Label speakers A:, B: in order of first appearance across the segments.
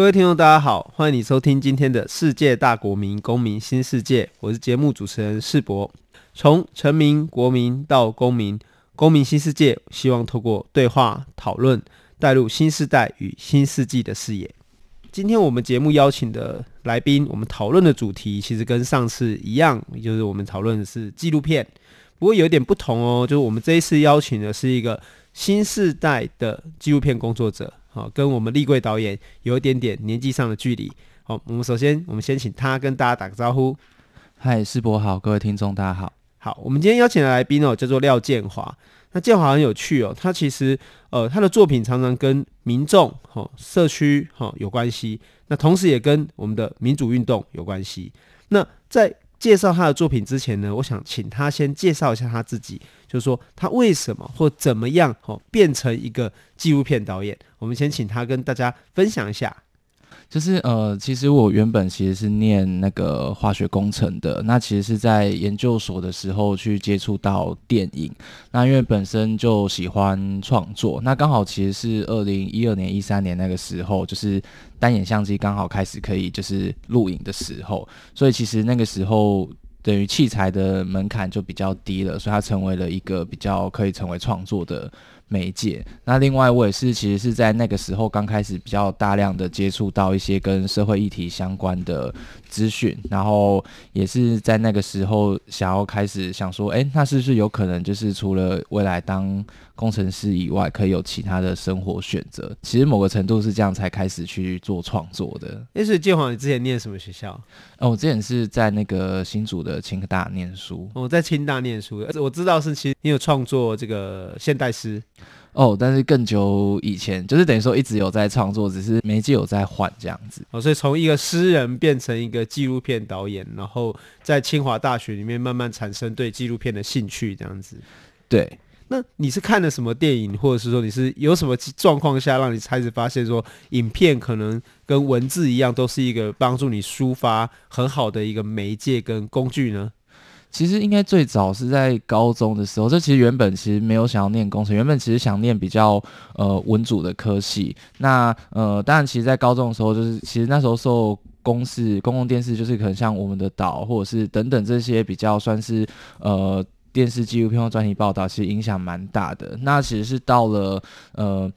A: 各位聽眾，大家好，歡迎你收聽今天的世界大國民公民新世界，我是節目主持人世博。從臣民、國民到公民，公民新世界希望透過對話討論，帶入新時代與新世紀的視野。今天我們節目邀請的來賓，我們討論的主題其實跟上次一樣，也就是我們討論的是紀錄片，不過有點不同哦，就是我們這一次邀請的是一個新時代的紀錄片工作者。好、哦，跟我們立桂導演有一點點年紀上的距離。好、哦，我們首先，我們先請他跟大家打個招呼。
B: 嗨，世伯好，各位聽眾大家好。
A: 好，我們今天邀請的來賓哦，叫做廖建華。那建華很有趣哦，他其實呃，他的作品常常跟民眾、哈、哦、社區、哈、哦、有關係。那同時也跟我們的民主運動有關係。那在介紹他的作品之前呢，我想請他先介紹一下他自己，就是說他為什麼或怎麼樣哦，變成一個紀錄片導演。我們先請他跟大家分享一下。
B: 就是，呃，其實我原本其實是念那個化學工程的，那其實是在研究所的時候去接觸到電影，那因為本身就喜歡創作，那剛好其實是二零一二年、一三年那個時候，就是單眼相機剛好開始可以就是錄影的時候，所以其實那個時候等於器材的門檻就比較低了，所以它成為了一個比較可以成為創作的。媒介。那另外，我也是其實是在那個時候剛開始比較大量的接觸到一些跟社會議題相關的資訊，然後也是在那個時候想要開始想說，哎、欸，那是不是有可能就是除了未來當工程師以外，可以有其他的生活選擇？其實某個程度是這樣才開始去做創作的。
A: 欸，所以建華你之前念什麼學校？
B: 哦，我之前是在那個新竹的清大念書。
A: 我、哦、在清大念書，而且我知道是其實你有創作
B: 這個現代詩。哦，但是更久以前，就是等於說一直有在創作，只是媒介有在換這樣子。
A: 哦，所以從一個詩人變成一個紀錄片導演，然後在清華大學裡面慢慢產生對紀錄片的興趣這樣子。對，那你是看了什麼電影，或者是說你是有什麼狀況下讓你開始發現說影片可能跟文字一樣，都是一個幫助你抒發很好的一個媒
B: 介跟工具呢？其實應該最早是在高中的時候，這其實原本其實沒有想要念工程，原本其實想念比較呃文組的科系。那呃，當然其實，在高中的時候，就是其實那時候受公視、公共電視，就是可能像我們的島或者是等等這些比較算是呃電視紀錄片或專題報道，其實影響蠻大的。那其實是到了呃。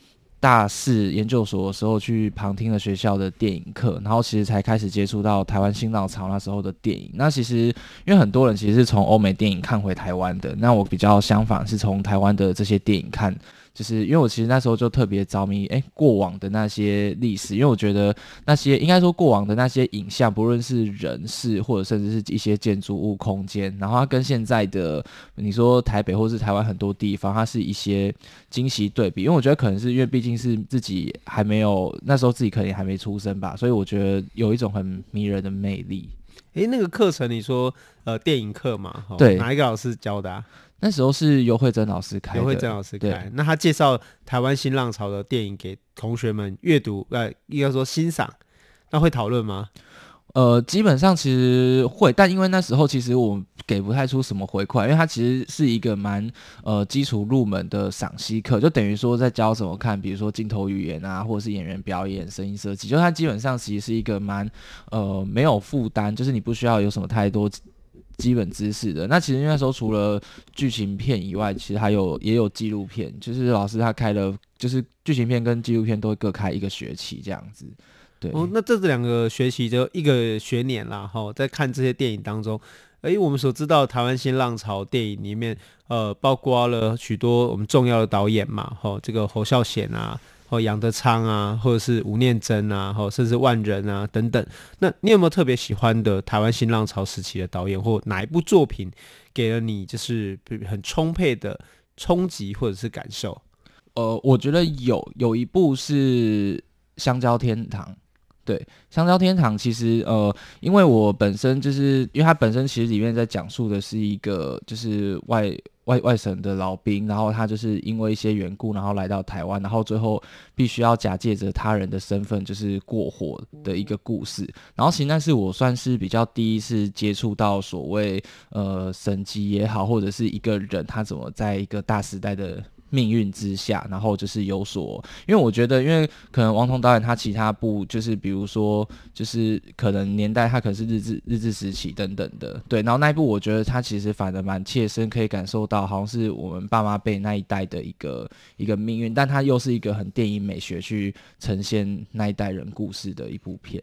B: 大四研究所的時候，去旁聽了學校的電影課，然後其實才開始接觸到台灣新浪潮那時候的電影。那其實因為很多人其實是從歐美電影看回台灣的，那我比較相反，是從台灣的這些電影看。就是因為我其實那時候就特別着迷，誒、欸，過往的那些歷史，因為我覺得那些應該說過往的那些影像，不論是人、事，或者甚至是一些建築物、空間，然後它跟現在的你說台北或是台灣很多地方，它是一些驚喜對比。因為我覺得可能是因為畢竟是自己還沒有那時候自己可能也還沒出生吧，所以我覺得有一種很迷人的魅力。誒、欸，那個課
A: 程你說呃電影課嘛？喔、對，哪一個老師教的啊？
B: 那時候是尤惠珍老師開的，尤惠珍老師開，對。
A: 那他介紹台灣新浪潮的電影給同學們閱讀，呃，
B: 應該說欣
A: 賞。那會討論
B: 嗎？呃，基本上其實會，但因為那時候其實我給不太出什麼回饋，因為它其實是一個蠻呃基礎入門的賞析課，就等於說在教怎麼看，比如說鏡頭語言啊，或者是演員表演、聲音設計，就它基本上其實是一個蠻呃沒有負擔，就是你不需要有什麼太多。基本知識的。那其實那時候除了劇情片以外，其實還有也有紀錄片。就是老師他開了，就是劇情片跟紀錄片都會各開一個學期這樣子。對，
A: 哦，那這是兩個學期的一個學年啦，哈。在看這些電影當中，哎，欸，我們所知道台灣新浪潮電影裡面，呃，包括了許多我們重要的導演嘛，哈，這個侯孝賢啊。或楊德昌啊，哦，或者是吳念真啊，或、哦、甚至萬仁啊等等。那你有沒有特別喜歡的台灣新浪潮時期的導演，或哪一部作品給了你就是很充沛的衝
B: 擊或者是感受？呃，我覺得有有一部是《香蕉天堂》。對《香蕉天堂》其實，呃，因為我本身就是，因為它本身其實裡面在講述的是一個，就是外外外省的老兵，然後他就是因為一些緣故，然後來到台灣，然後最後必須要假借着他人的身份，就是過火的一個故事。嗯、然後，其實那是我算是比較第一次接觸到所謂呃省籍也好，或者是一個人他怎麼在一個大時代的，命運之下，然後就是有所，因為我覺得，因為可能王童導演他其他部就是，比如說，就是可能年代他可能是日治日治時期等等的，對，然後那一部我覺得他其實反而蠻切身可以感受到，好像是我們爸媽輩那一代的一個一個命運，但他又是一個很電影美學去呈現那一代人故事的一部片。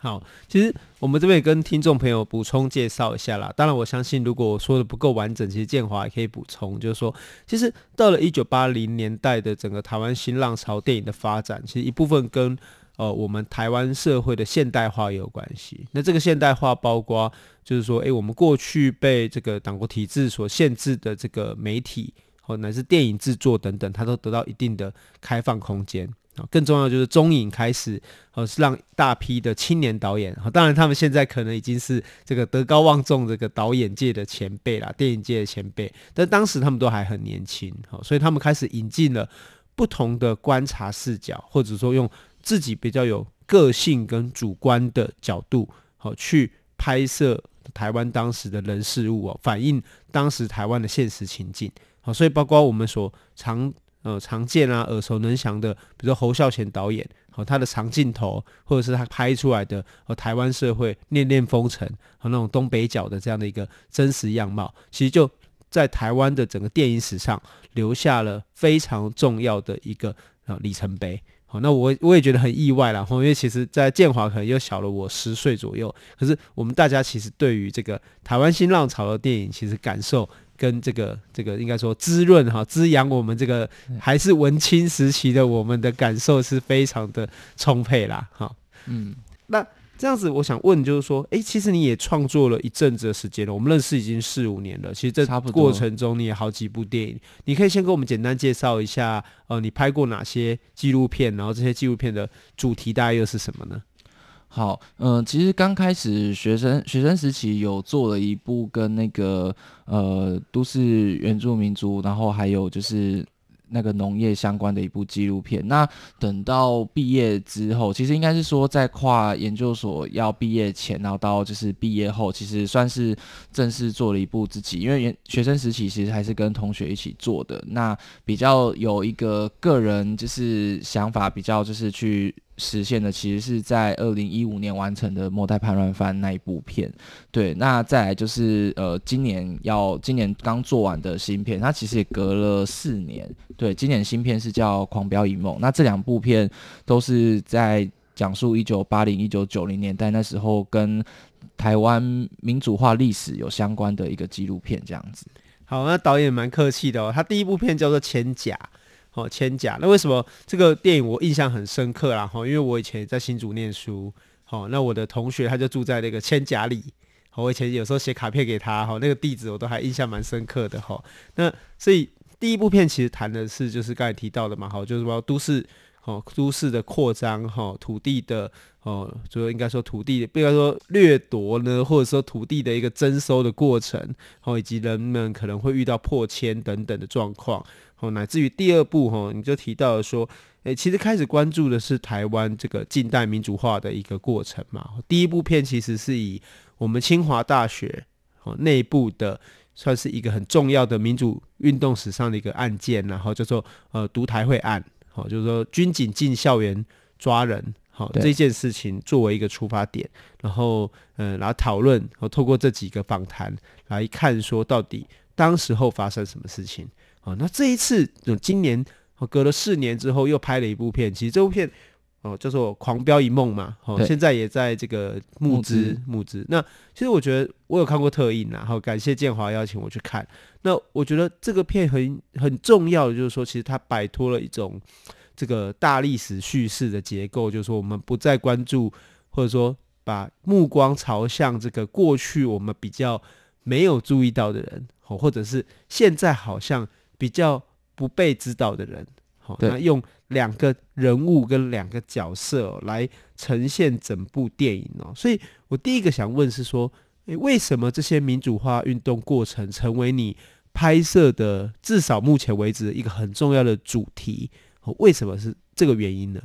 B: 好，其實我們這邊也跟聽眾朋友補充介
A: 紹一下啦。當然，我相信如果我說的不夠完整，其實建華也可以補充，就是說，其實到了一九八零年代的整個台灣新浪潮電影的發展，其實一部分跟呃我們台灣社會的現代化也有關係。那這個現代化包括就是說，哎、欸，我們過去被這個黨國體制所限制的這個媒體，或乃至電影製作等等，它都得到一定的開放空間。更重要就是中影開始，呃、哦，是讓大批的青年導演，好、哦、當然他們現在可能已經是這個德高望重這個導演界的前輩啦，電影界的前輩，但當時他們都還很年輕，好、哦、所以他們開始引進了不同的觀察視角，或者說用自己比較有個性跟主觀的角度，好、哦、去拍攝台灣當時的人事物、哦、反映當時台灣的現實情境，好、哦、所以包括我們所常。呃、哦，常見啊，耳熟能詳的，比如說侯孝賢導演，和、哦、他的長鏡頭，或者是他拍出來的和、哦、台灣社會《戀戀風塵》和、哦、那種東北角的這樣的一個真實樣貌，其實就在台灣的整個電影史上留下了非常重要的一個、哦、里程碑。好、哦，那我我也覺得很意外啦，哦、因為其實，在建華可能又小了我十歲左右，可是我們大家其實對於這個台灣新浪潮的電影，其實感受跟這個這個應該說滋潤哈滋養我們這個還是文青時期的我們的感受是非常的充沛啦哈嗯那這樣子我想問就是說哎、欸、其實你也創作了一陣子的時間了我們認識已經四五年了其實這過程中你也好幾部電影你可以先給我們簡單介紹一下呃你拍過哪些紀錄片然後這些紀錄片的主題
B: 大概又是什麼呢？好，嗯，其實剛開始學生學生時期有做了一部跟那個呃都市原住民族，然後還有就是那個農業相關的一部紀錄片。那等到畢業之後，其實應該是說在跨研究所要畢業前，然後到就是畢業後，其實算是正式做了一部自己，因為原學生時期其實還是跟同學一起做的，那比較有一個個人就是想法比較就是去。實現的其實是在二零一五年完成的《末代叛亂犯》那一部片，對，那再來就是呃，今年要今年剛做完的新片，它其實也隔了四年，對，今年新片是叫《狂飆一夢》，那這兩部片都是在講述一九八零一九九零年代那時候跟台灣民主化歷史有相關的一個紀錄片這樣子。
A: 好，那導演蠻客氣的哦，他第一部片叫做《千甲》。哦，千甲。那為什麼這個電影我印象很深刻啦？哈，因為我以前在新竹念書，哦，那我的同學他就住在那個千甲里，哦、我以前有時候寫卡片給他，哈、哦，那個地址我都還印象蠻深刻的，哈、哦。那所以第一部片其實談的是就是剛才提到的嘛，哈，就是說都市，哦，都市的擴張，哈、哦，土地的，哦，就應該說土地不應該說掠奪呢，或者說土地的一個徵收的過程，哦，以及人們可能會遇到迫遷等等的狀況。哦，乃至於第二部哈、哦，你就提到了說，誒、欸，其實開始關注的是台灣這個近代民主化的一個過程嘛。第一部片其實是以我們清華大學哦內部的算是一個很重要的民主運動史上的一個案件，然後叫做呃獨台會案，好、哦，就是說軍警進校園抓人，好、哦、對這件事情作為一個出發點，然後嗯、呃，然後討論，然後透過這幾個訪談來看，說到底當時候發生什麼事情。哦、那這一次就今年，隔了四年之後又拍了一部片，其實這部片哦叫做《狂飆一夢》嘛，哦，對現在也在這個募資募資資。那其實我覺得我有看過特映，然、哦、後感謝建華邀請我去看。那我覺得這個片很很重要的就是說，其實它擺脫了一種這個大歷史敘事的結構，就是說我們不再關注，或者說把目光朝向這個過去我們比較沒有注意到的人，哦，或者是現在好像。比較不被知道的人，好對、哦，那用兩個人物跟兩個角色，哦、來呈現整部電影哦。所以，我第一個想問是說，欸、為什麼這些民主化運動過程成為你拍攝的至少目前為止
B: 一個很重要的主題？為什麼是這個原因呢？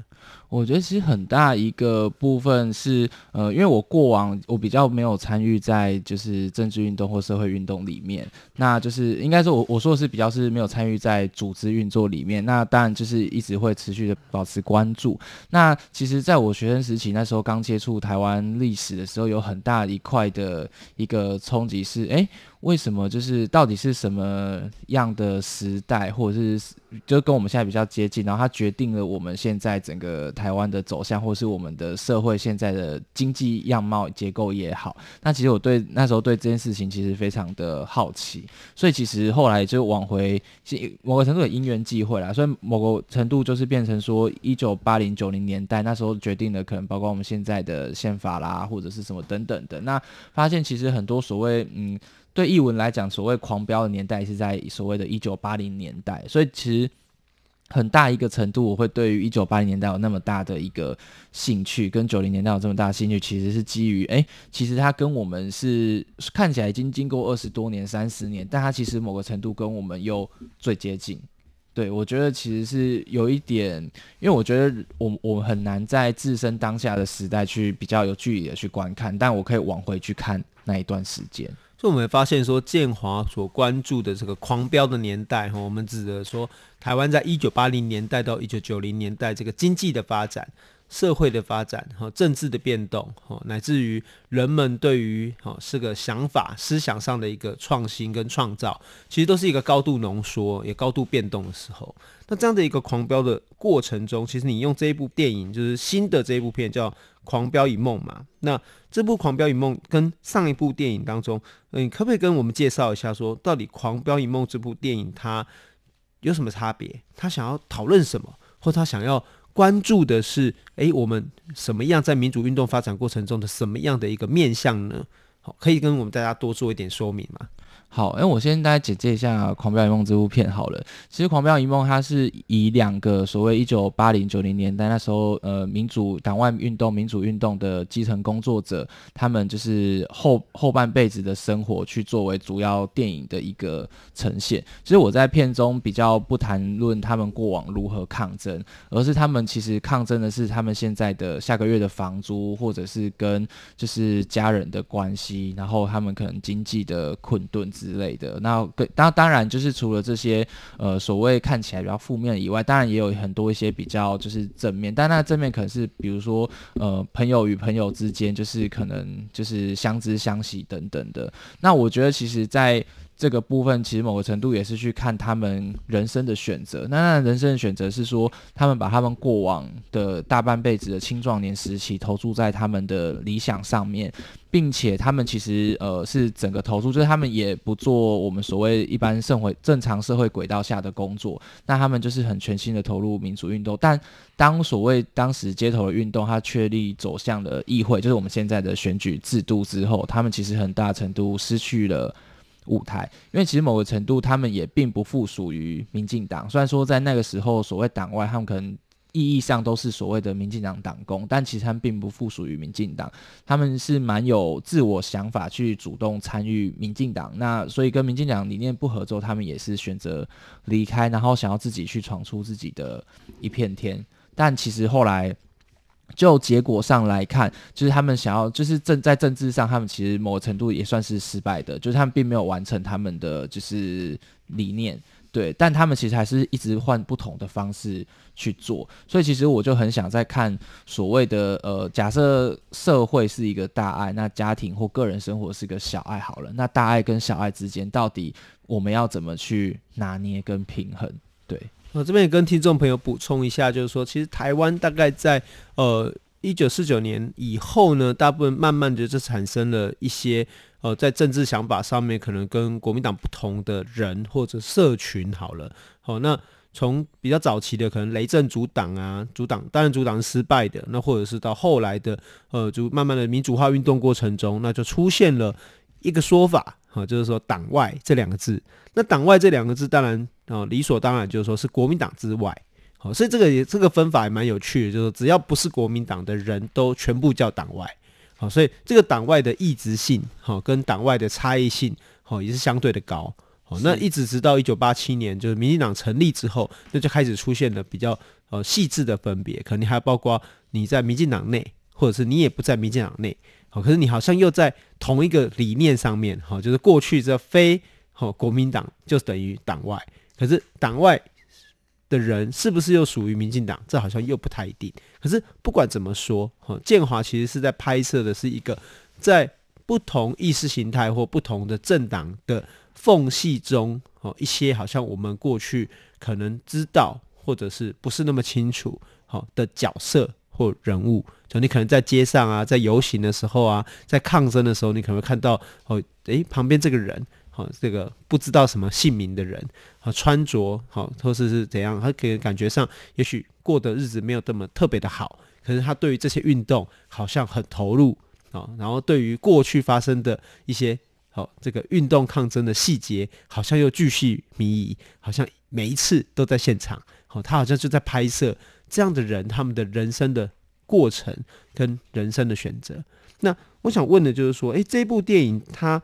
B: 我覺得其實很大一個部分是，呃，因為我過往我比較沒有參與在就是政治運動或社會運動裡面，那就是應該說我，我我說的是比較是沒有參與在組織運作裡面。那當然就是一直會持續的保持關注。那其實，在我學生時期，那時候剛接觸台灣歷史的時候，有很大一塊的一個衝擊是，誒、欸為什麼就是到底是什麼樣的時代，或者是就跟我們現在比較接近，然後它決定了我們現在整個台灣的走向，或是我們的社會現在的經濟樣貌結構也好。那其實我對那時候對這件事情其實非常的好奇，所以其實後來就往回，某個程度有因緣際會啦，所以某個程度就是變成說，一九八零九零年代那時候決定了，可能包括我們現在的憲法啦，或者是什麼等等的。那發現其實很多所謂嗯。對藝文來講，所謂狂飆的年代是在所謂的一九八零年代，所以其實很大一個程度，我會對於一九八零年代有那麼大的一個興趣，跟九零年代有這麼大的興趣，其實是基於哎、欸，其實它跟我們是看起來已經經過二十多年，三十年，但它其實某個程度跟我們又最接近。對，我覺得其實是有一點，因為我覺得我我很難在自身當下的時代去比較有距離的去觀看，但我可以往回去看那一段時間。
A: 所以，我們發現說，建華所關注的這個狂飆的年代，哈，我們指的說，台灣在一九八零年代到一九九零年代這個經濟的發展。社會的發展和政治的變動，哦，乃至於人們對於哦是個想法思想上的一個創新跟創造，其實都是一個高度濃縮也高度變動的時候。那這樣的一個狂飆的過程中，其實你用這一部電影，就是新的這一部片叫《狂飆一夢》嘛。那這部《狂飆一夢》跟上一部電影當中，嗯，你可不可以跟我們介紹一下說，說到底《狂飆一夢》這部電影它有什麼差別？他想要討論什麼，或他想要？關注的是，哎，我們什麼樣在民主運動發展過程中的什麼樣的一個面向呢？好，可以跟我們大家多做一點說明嗎？
B: 好，那我先大家簡介一下《狂飆一夢》這部片好了。其實《狂飆一夢》它是以兩個所謂一九八零九零年代那時候呃民主黨外運動、民主運動的基層工作者，他們就是後後半輩子的生活去作為主要電影的一個呈現。其實我在片中比較不談論他們過往如何抗爭，而是他們其實抗爭的是他們現在的下個月的房租，或者是跟就是家人的關係，然後他們可能經濟的困頓。之類的，那當、個、當然就是除了這些呃所謂看起來比較負面以外，當然也有很多一些比較就是正面，但那正面可能是比如說呃朋友與朋友之間，就是可能就是相知相惜等等的。那我覺得其實在，這個部分其實某個程度也是去看他們人生的選擇。那人生的選擇是說，他們把他們過往的大半輩子的青壯年時期投注在他們的理想上面，並且他們其實呃是整個投注，就是他們也不做我們所謂一般社會、正常社會軌道下的工作。那他們就是很全心的投入民主運動。但當所謂當時街頭的運動，它確立走向了議會，就是我們現在的選舉制度之後，他們其實很大程度失去了。舞台，因為其實某個程度，他們也並不附屬於民進黨。雖然說在那個時候，所謂黨外，他們可能意義上都是所謂的民進黨黨工，但其實他們並不附屬於民進黨。他們是蠻有自我想法，去主動參與民進黨。那所以跟民進黨理念不合之後，他們也是選擇離開，然後想要自己去闖出自己的一片天。但其實後來，就結果上來看，就是他們想要，就是政在政治上，他們其實某程度也算是失敗的，就是他們並沒有完成他們的就是理念，對，但他們其實還是一直換不同的方式去做，所以其實我就很想再看所謂的呃，假設社會是一個大愛，那家庭或個人生活是一個小愛好了，那大愛跟小愛之間，到底我們要怎麼去拿捏跟平衡？對。
A: 我、哦、這邊也跟聽眾朋友補充一下，就是說，其實台灣大概在呃一九四九年以後呢，大部分慢慢的就產生了一些呃在政治想法上面可能跟國民黨不同的人，或者社群。好了，好、哦、那從比較早期的可能雷震組黨啊，組黨，當然組黨是失敗的，那或者是到後來的呃就慢慢的民主化運動過程中，那就出現了一個說法。好、哦，就是說，黨外這兩個字，那黨外這兩個字當然哦，理所當然就是說是國民黨之外。好、哦，所以這個也這個分法也蠻有趣的，就是說只要不是國民黨的人都全部叫黨外。好、哦，所以這個黨外的異質性，好、哦、跟黨外的差異性，好、哦、也是相對的高。好、哦，是那一直直到一九八七年，就是民進黨成立之後，那就開始出現了比較呃細緻的分別，可能還包括你在民進黨內，或者是你也不在民進黨內。可是你好像又在同一個理念上面，哈，就是過去這非哈國民黨就等於黨外，可是黨外的人是不是又屬於民進黨？這好像又不太一定。可是不管怎麼說，哈，建華其實是在拍攝的是一個在不同意識形態或不同的政黨的縫隙中，哦，一些好像我們過去可能知道或者是不是那麼清楚，哈的角色。或人物，就你可能在街上啊，在遊行的時候啊，在抗爭的時候，你可能會看到哦，誒、欸，旁邊這個人，好、哦，這個不知道什麼姓名的人，好、哦，穿着好、哦，或是是怎樣，他給人感覺上，也許過的日子沒有這麼特別的好，可是他對於這些運動好像很投入，啊、哦，然後對於過去發生的一些好、哦、這個運動抗爭的細節，好像又繼續迷疑，好像每一次都在現場，好、哦，他好像就在拍攝。這樣的人，他們的人生的過程跟人生的選擇。那我想問的就是說，誒，這部電影它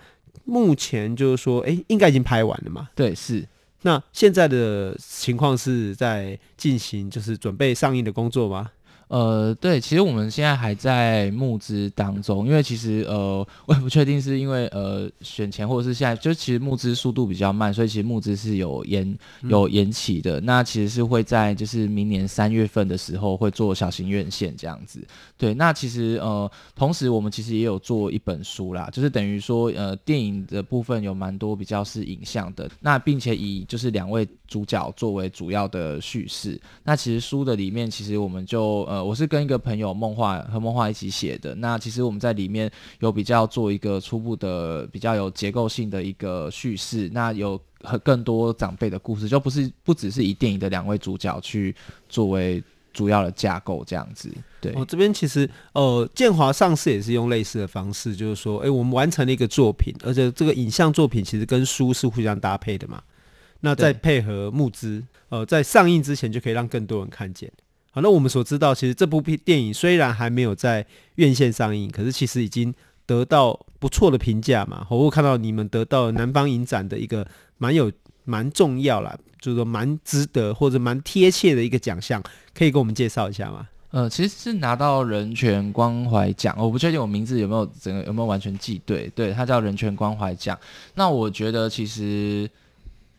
A: 目前就是說，誒，應該已經拍完了嘛？對，是。那現在的情
B: 況是在進行就是準備上映的工作嗎？呃，對，其實我們現在還在募資當中，因為其實呃，我也不確定是因為呃選前或者是現在，就其實募資速度比較慢，所以其實募資是有延有延期的。嗯。那其實是會在就是明年三月份的時候會做小型院線這樣子。對，那其實呃，同時我們其實也有做一本書啦，就是等於說呃，電影的部分有蠻多比較是影像的，那並且以就是兩位主角作為主要的敘事。那其實書的裡面其實我們就呃，我是跟一個朋友夢話和夢話一起寫的。那其實我們在裡面有比較做一個初步的比較有結構性的一個敘事，那有和更多長輩的故事，就不是不只是以電影的兩位主角去作為。主要的架構這樣子，
A: 對。我、哦、這邊其實呃，建華上市也是用類似的方式，就是說，哎、欸，我們完成了一個作品，而且這個影像作品其實跟書是互相搭配的嘛，那再配合募資，對呃，在上映之前就可以讓更多人看見。好，那我們所知道，其實這部片電影雖然還沒有在院線上映，可是其實已經得到不錯的評價嘛、哦。我看到你們得到南方影展的一個蠻有，蠻重要啦，就是蠻值得
B: 或者蠻貼切的一個獎項，可以跟我們介紹一下嗎？呃，其實是拿到人權關懷獎，我不確定我名字有沒有整個有沒有完全記對，對，它叫人權關懷獎。那我覺得其實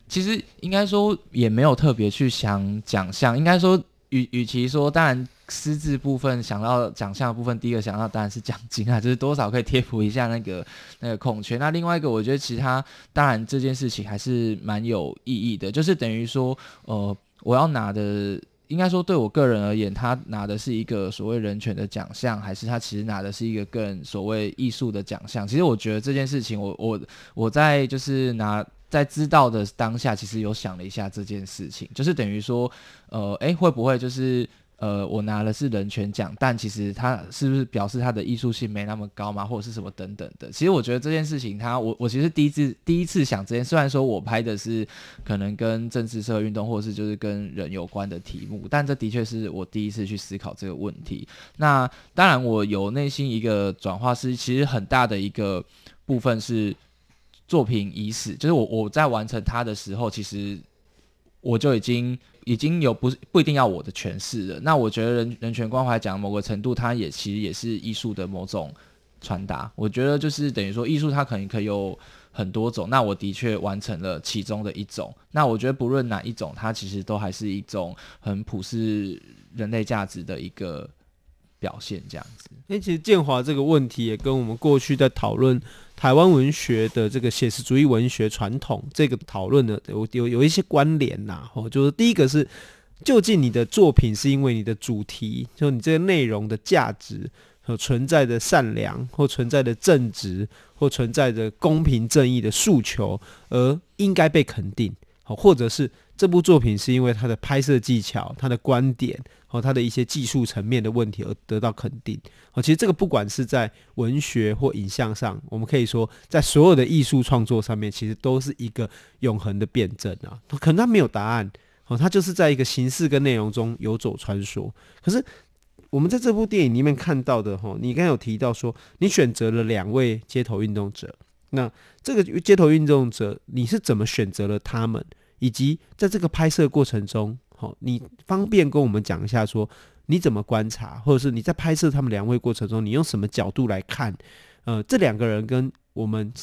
B: 其實應該說也沒有特別去想獎項，應該說與與其說當然。實質部分，想到獎項的部分，第一個想到當然是獎金啊，就是多少可以貼補一下那個那個空缺。那另外一個，我覺得其實他當然這件事情還是蠻有意義的，就是等於說，呃，我要拿的，應該說對我個人而言，他拿的是一個所謂人權的獎項，還是他其實拿的是一個更所謂藝術的獎項？其實我覺得這件事情我，我我我在就是拿在知道的當下，其實有想了一下這件事情，就是等於說，呃，誒、欸，會不會就是？呃，我拿的是人權獎，但其實他是不是表示他的藝術性沒那麼高嗎，或者是什麼等等的？其實我覺得這件事情，他我我其實第一次第一次想這件事，雖然說我拍的是可能跟政治、社會運動，或是就是跟人有關的題目，但這的確是我第一次去思考這個問題。那當然，我有內心一個轉化，是其實很大的一個部分是作品已死，就是我我在完成它的時候，其實我就已經。已經有不是不一定要我的詮釋了。那我覺得人人權關懷講的某個程度，它也其實也是藝術的某種傳達。我覺得就是等於說，藝術它可能可以有很多種。那我的確完成了其中的一種。那我覺得不論哪一種，它其實都還是一種很普世人類價值的一個。表現這樣
A: 子，哎、欸，其實建華這個問題也跟我們過去在討論台灣文學的這個寫實主義文學傳統這個討論的有有有一些關聯吶、啊。哦,就是，第一個是，究竟你的作品是因為你的主題，就你這個內容的價值和、呃、存在的善良，或存在的正直，或存在的公平正義的訴求而應該被肯定。好，或者是這部作品是因為它的拍攝技巧、它的觀點和它的一些技術層面的問題而得到肯定。好，其實這個不管是在文學或影像上，我們可以說，在所有的藝術創作上面，其實都是一個永恆的辯證啊。可能它沒有答案，好，它就是在一個形式跟內容中游走穿梭。可是，我們在這部電影裡面看到的，哈，你剛剛有提到說，你選擇了兩位街頭運動者。那這個街頭運動者，你是怎麼選擇了他們？以及在這個拍攝過程中，好，你方便跟我們講一下，說你怎麼觀察，或者是你在拍攝他們兩位過程中，你用什麼角度來看？呃，這兩個人跟我們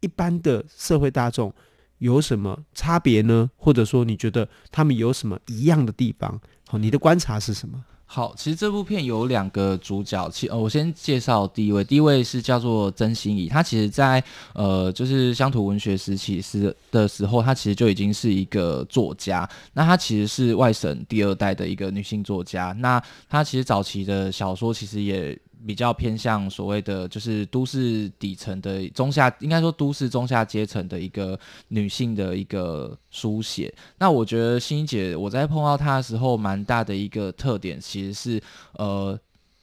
A: 一般的社會大眾有什麼差別呢？或者說，你覺得他們有什麼一樣的地方？好，你的觀察是什麼？
B: 好，其實這部片有兩個主角，其呃，我先介紹第一位，第一位是叫做曾心怡，她其實在呃，就是鄉土文學時期時的時候，她其實就已經是一個作家，那她其實是外省第二代的一個女性作家，那她其實早期的小說其實也。比較偏向所謂的就是都市底層的中下，應該說都市中下階層的一個女性的一個書寫。那我覺得欣欣姐，我在碰到她的時候，蠻大的一個特點其實是呃。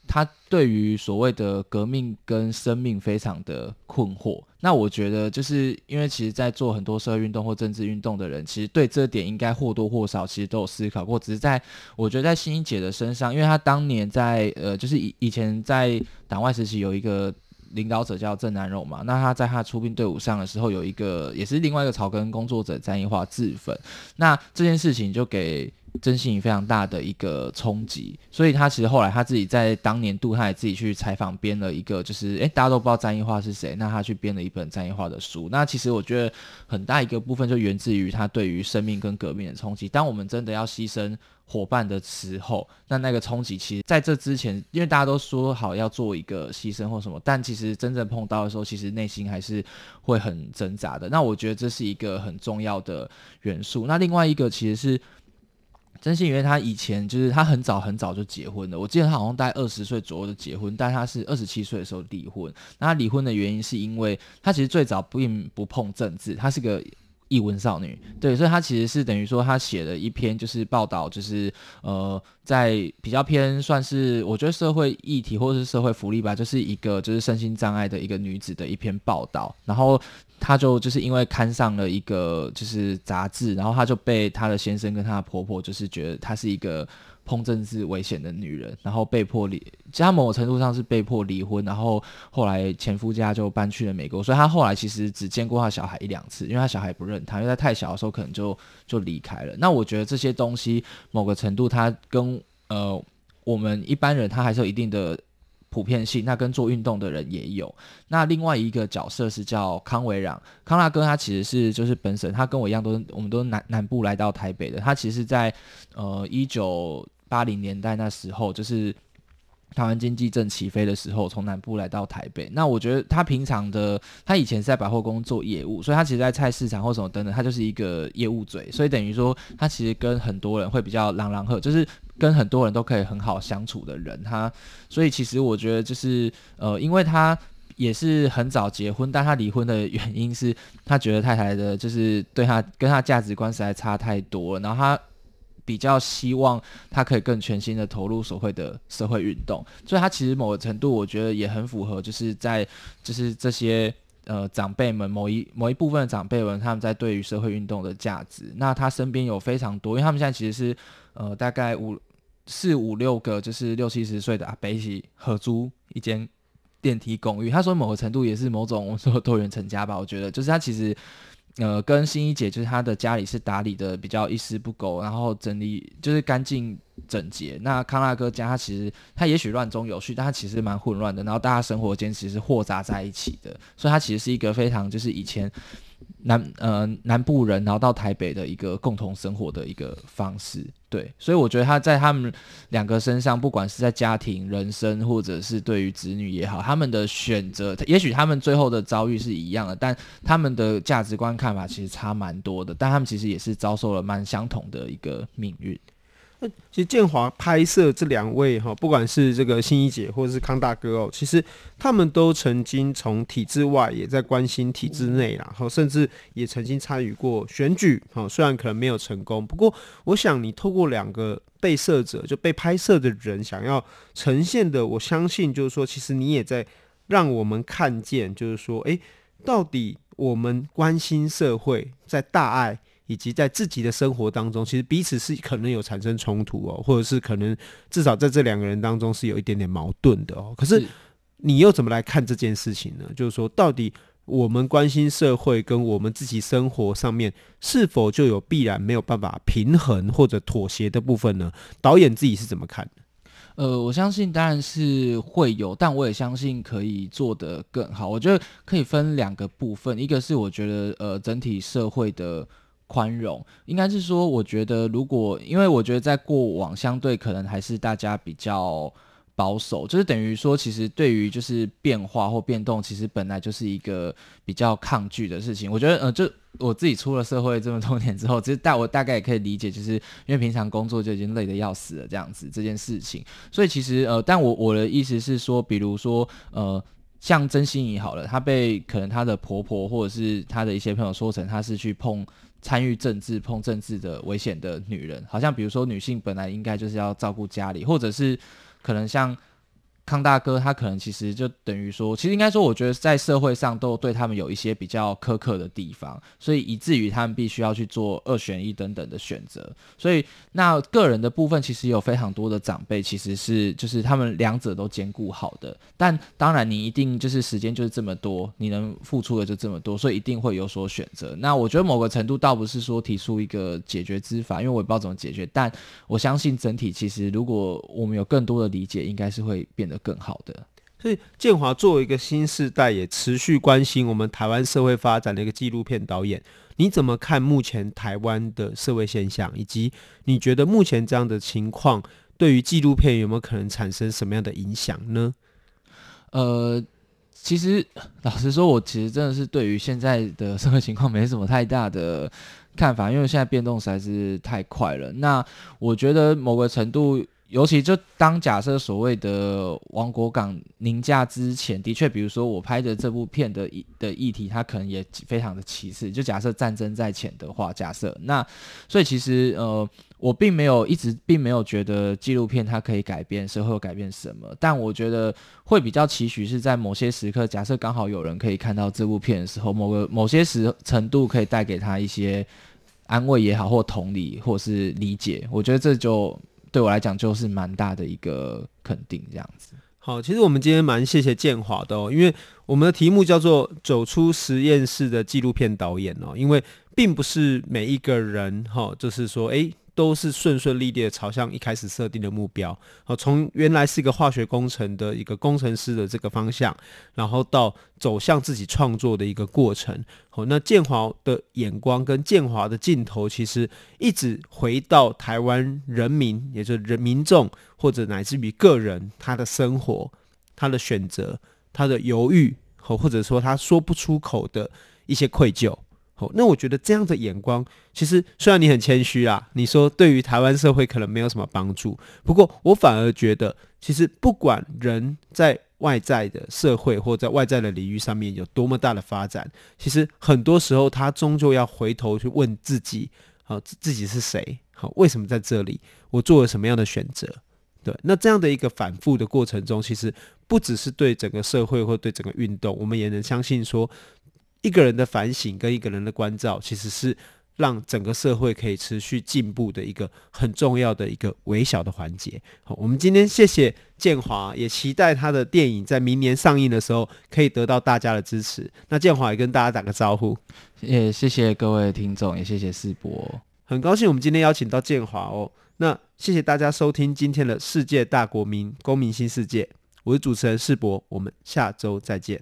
B: 他對於所謂的革命跟生命非常的困惑。那我覺得，就是因為其實，在做很多社會運動或政治運動的人，其實對這點應該或多或少其實都有思考過。只是在我覺得在欣欣姐的身上，因為她當年在呃，就是以以前在黨外時期有一個領導者叫鄭南榕嘛。那她在她出殯隊伍上的時候，有一個也是另外一個草根工作者詹益樺自焚。那這件事情就給。真信非常大的一個衝擊，所以他其實後來他自己在當年度，他也自己去採訪編了一個，就是誒、欸，大家都不知道張一化是誰，那他去編了一本張一化的書。那其實我覺得很大一個部分就源自於他對於生命跟革命的衝擊。當我們真的要犧牲伙伴的時候，那那個衝擊其實在這之前，因為大家都說好要做一個犧牲或什麼，但其實真正碰到的時候，其實內心還是會很掙扎的。那我覺得這是一個很重要的元素。那另外一個其實是。真心，因為她以前就是她很早很早就結婚了，我記得她好像在二十歲左右就結婚，但她是二十七歲的時候離婚。那離婚的原因是因為她其實最早並不碰政治，她是個藝文少女。對，所以她其實是等於說她寫了一篇就是報道，就是呃，在比較偏算是我覺得社會議題或是社會福利吧，就是一個就是身心障礙的一個女子的一篇報道，然後，她就就是因為看上了一個就是雜誌，然後她就被她的先生跟她的婆婆就是覺得她是一個碰政治是危險的女人，然後被迫離，她某種程度上是被迫離婚，然後後來前夫家就搬去了美國，所以她後來其實只見過她小孩一兩次，因為她小孩不認她，因為她太小的時候可能就就離開了。那我覺得這些東西某個程度，他跟呃我們一般人，他還是有一定的。普遍性，那跟做運動的人也有。那另外一個角色是叫康維讓，康大哥他其實是就是本省，他跟我一樣都我們都南南部來到台北的。他其實在，在呃一九八零年代那時候，就是。台灣經濟正起飛的時候，從南部來到台北。那我覺得他平常的，他以前是在百貨公司做業務，所以他其實，在菜市場或什麼等等，他就是一個業務嘴。所以等於說，他其實跟很多人會比較朗朗喝，就是跟很多人都可以很好相處的人。他，所以其實我覺得就是，呃，因為他也是很早結婚，但他離婚的原因是，他覺得太太的，就是對他跟他價值觀實在差太多，然後他。比較希望他可以更全心的投入所謂的社會運動，所以他其實某個程度，我覺得也很符合，就是在就是這些呃長輩們某一某一部分的長輩們，他們在對於社會運動的價值。那他身邊有非常多，因為他們現在其實是呃大概五四五六個，就是六七十歲的阿伯一起合租一間電梯公寓。他說某個程度也是某種說多元成家吧，我覺得就是他其實。呃，跟新一姐就是她的家裡是打理得比較一絲不苟，然後整理就是乾淨整潔。那康納哥家，其實他也許亂中有序，但他其實蠻混亂的。然後大家生活間其實是混雜在一起的，所以他其實是一個非常就是以前。南，呃，南部人，然後到台北的一個共同生活的一個方式，對，所以我覺得他在他們兩個身上，不管是在家庭、人生，或者是對於子女也好，他們的選擇，也許他們最後的遭遇是一樣的，但他們的價值觀看法其實差蠻多的，但他們其實也是遭受了蠻相同的一個命運。其實
A: 建華拍攝這兩位哈，不管是這個新一姐或者是康大哥哦，其實他們都曾經從體制外也在關心體制內啦，然後甚至也曾經參與過選舉，哈，雖然可能沒有成功，不過我想你透過兩個被攝者，就被拍攝的人，想要呈現的。我相信就是說，其實你也在讓我們看見，就是說，哎，到底我們關心社會在大愛。以及在自己的生活當中，其實彼此是可能有產生衝突哦，或者是可能至少在這兩個人當中是有一點點矛盾的哦。可是你又怎麼來看這件事情呢？是就是說，到底我們關心社會跟我們自己生活上面，是否就有必然沒有辦法平衡或者妥協的部分呢？導演自己是怎麼看的？
B: 呃，我相信當然是會有，但我也相信可以做得更好。我覺得可以分兩個部分，一個是我覺得呃整體社會的。寬容應該是說，我覺得如果因為我覺得在過往相對可能還是大家比較保守，就是等於說，其實對於就是變化或變動，其實本來就是一個比較抗拒的事情。我覺得，呃，就我自己出了社會這麼多年之後，其實大我大概也可以理解，就是因為平常工作就已經累得要死了，這樣子這件事情。所以其實，呃，但我我的意思是說，比如說，呃，像曾心怡好了，她被可能她的婆婆或者是她的一些朋友說成她是去碰。參與政治、碰政治的危險的女人，好像比如說女性本來應該就是要照顧家裡，或者是可能像。康大哥，他可能其實就等於說，其實應該說，我覺得在社會上都對他們有一些比較苛刻的地方，所以以至於他們必須要去做二選一等等的選擇。所以，那個人的部分其實有非常多的長輩，其實是就是他們兩者都兼顧好的。但當然，你一定就是時間就是這麼多，你能付出的就這麼多，所以一定會有所選擇。那我覺得某個程度倒不是說提出一個解決之法，因為我也不知道怎麼解決，但我相信整體其實如果我們有更多的理解，應該是會變得。更好的，
A: 所以建華作為一個新世代也持續關心我們台灣社會發展的一個紀錄片導演，你怎麼看目前台灣的社會現象，以及你覺得目前這樣的情況對於紀錄片有沒有可能產生什麼樣的影響呢？
B: 呃，其實老實說，我其實真的是對於現在的社會情況沒什麼太大的看法，因為現在變動實在是太快了。那我覺得某個程度。尤其就當假設所謂，的亡國感凌駕之前，的確，比如說我拍的這部片的議的議題，它可能也非常的其次。就假設戰爭在前的話，假設那，所以其實呃，我並沒有一直並沒有覺得紀錄片它可以改變，會有改變什麼。但我覺得會比較期許是在某些時刻，假設剛好有人可以看到這部片的時候，某個某些時程度可以帶給他一些安慰也好，或同理，或是理解。我覺得這就。對我來講就是蠻大的一個肯定，這樣子。
A: 好，其實我們今天蠻謝謝建華的哦，因為我們的題目叫做“走出實驗室的紀錄片導演”哦，因為並不是每一個人哈、哦，就是說，哎。都是順順利利的朝向一開始設定的目標。哦，從原來是一個化學工程的一個工程師的這個方向，然後到走向自己創作的一個過程。哦，那建華的眼光跟建華的鏡頭，其實一直回到台灣人民，也就是人民眾或者乃至於個人他的生活、他的選擇、他的猶豫和或者說他說不出口的一些愧疚。好，那我覺得這樣的眼光，其實雖然你很謙虛啊，你說對於台灣社會可能沒有什麼幫助，不過我反而覺得，其實不管人在外在的社會或在外在的領域上面有多麼大的發展，其實很多時候他終究要回頭去問自己：好，自己是誰？好，為什麼在這裡？我做了什麼樣的選擇？對，那這樣的一個反覆的過程中，其實不只是對整個社會或對整個運動，我們也能相信說。一個人的反省跟一個人的關照，其實是讓整個社會可以持續進步的一個很重要的一個微小的環節。好，我們今天謝謝建華，也期待他的電影在明年上映的時候可以得到大家的支持。那建華也跟大家打個招呼，
B: 也謝謝，謝謝各位聽眾，也謝謝世博，
A: 很高興我們今天邀請到建華哦。那謝謝大家收聽今天的世界大國民公民新世界，我是主持人世博，我們下周再見。